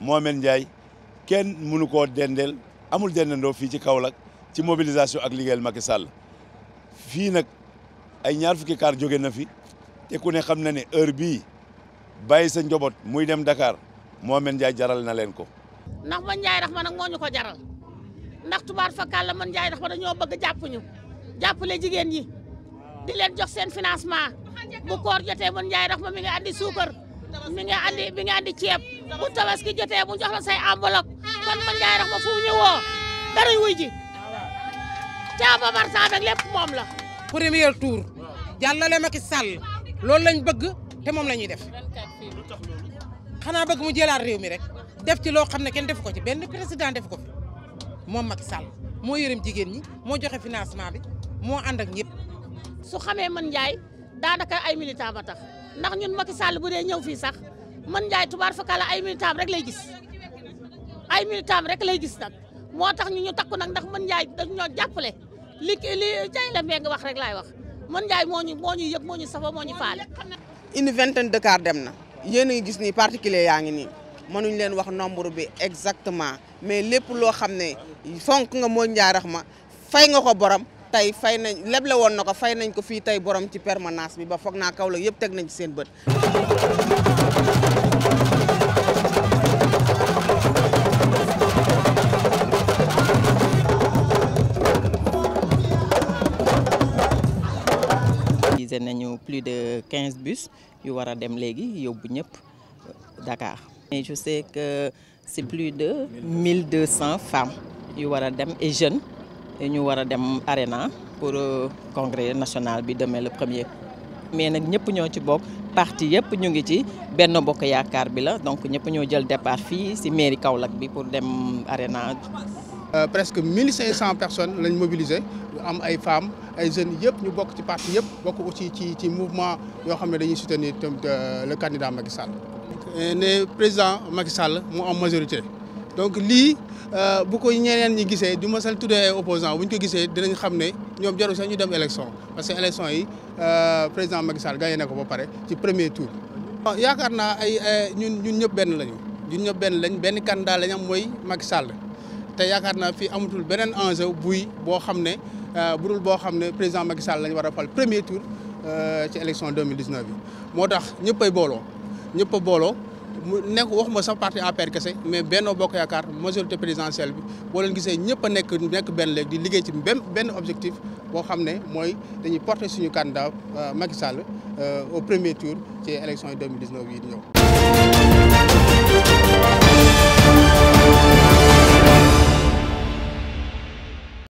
Mohamed Ndiaye kenn mënu koo dendeel amul dendandoo fii ci Kaolack ci mobilisation ak liggéeyal Macky Sall fii nag ay ñaar fukki kaar jóge na fi te ku ne xam na ne heure bii bàyyi sa njaboot muy dem Dakar Mohamed Ndiaye jaral na leen ko. ndax man Ndiaye rax ma nag moo ko jaral ndax tubaar fakkaat la man Ndiaye rax ma dañoo bëgg jàpp ñu jàppale jigéen ñi di leen jox seen financement bu koor jotee man Ndiaye rax ma mi ngi andi suukar mi ngi andi mi ngi andi ceeb. bu tabaski jotee mu bu la say ambolok kon ma njaay rax ma fu wiji dara wuy ji Thiam Omar Samb ak lépp la. premier tour jàllale Macky Sall loolu lañ bëgg té moom la def xanaa bëgg mu jëlaat réew mi rek def ci loo xam ne def ko ci benn président def ko fi moom Macky Sall moo yërëm jigéen ñi moo joxe financement bi moo ànd ak ñëpp. su xamee man Ndiaye daanaka ay militant ba tax ndax ñun Macky Sall bu dee ñëw fii sax. man Ndiaye tubaar fakala ay militant rek lay gis ay militant rek lay gis nag moo tax ñu ñu takku nag ndax man Ndiaye dañ ñoo jàppale li li jaay la mbee wax rek laay wax man Ndiaye moo ñu moo ñu yëg moo ñu safa moo ñu faale. une vingtaine de dem na yéen a gis nii particulier yaa ngi nii mënuñ leen wax nombre bi exactement mais lépp loo xam ne fonk nga moo njaarax ma fay nga ko borom. tey fay nañ leble woon na ko fay nañ ko fii tey borom ci permanence bi ba foog naa kaw la yëpp teg nañ ci seen bët Nous avons plus de 15 bus qui vont dem euh, Dakar. je sais que c'est plus de 1200 femmes et jeunes qui war dem Arena pour euh, congrès national demain le premier. mais nous avons ñoo ci parti ñu donc Nous avons euh, presque 1500 personnes l'ont mobilisé am ay femmes ay jeunes yëpp ñu bokk ci parti yëpp bokk aussi ci ci mouvement yo xamné dañuy soutenir euh, le candidat Macky Sall. Né président Macky Sall mo am majorité donc lii euh, bu ko ñeneen ñi gisee du ma sal tudé ay opposant bu ko gisee dinañ xamné ñom ñoom sax ñu dem élection parce que élection yi président Macky Sall gagné nako ba paré ci premier tour. Ah, yaakaar ay ñun ñun ñëpp benn lañu ñun ñëpp ben lañ ben candidat lañ am moy Macky Sall te yaakaar naa fii amatul beneen enjeu buy boo xam ne euh, bu dul boo xam ne président Macky Sall lañu war a fal premier tour euh, ci élection 2019 bi moo tax ñëpp ay booloo ñëpp a booloo mu nekk waxuma sax parti APR kese mais Benno Bokk Yaakaar majorité présidentielle bi boo leen gisee ñëpp a nekk nekk benn léegi di liggéey ci benn benn objectif boo xam ne mooy dañuy porter suñu candidat euh, Macky Sall au premier tour ci élection 2019 yi di ñëw.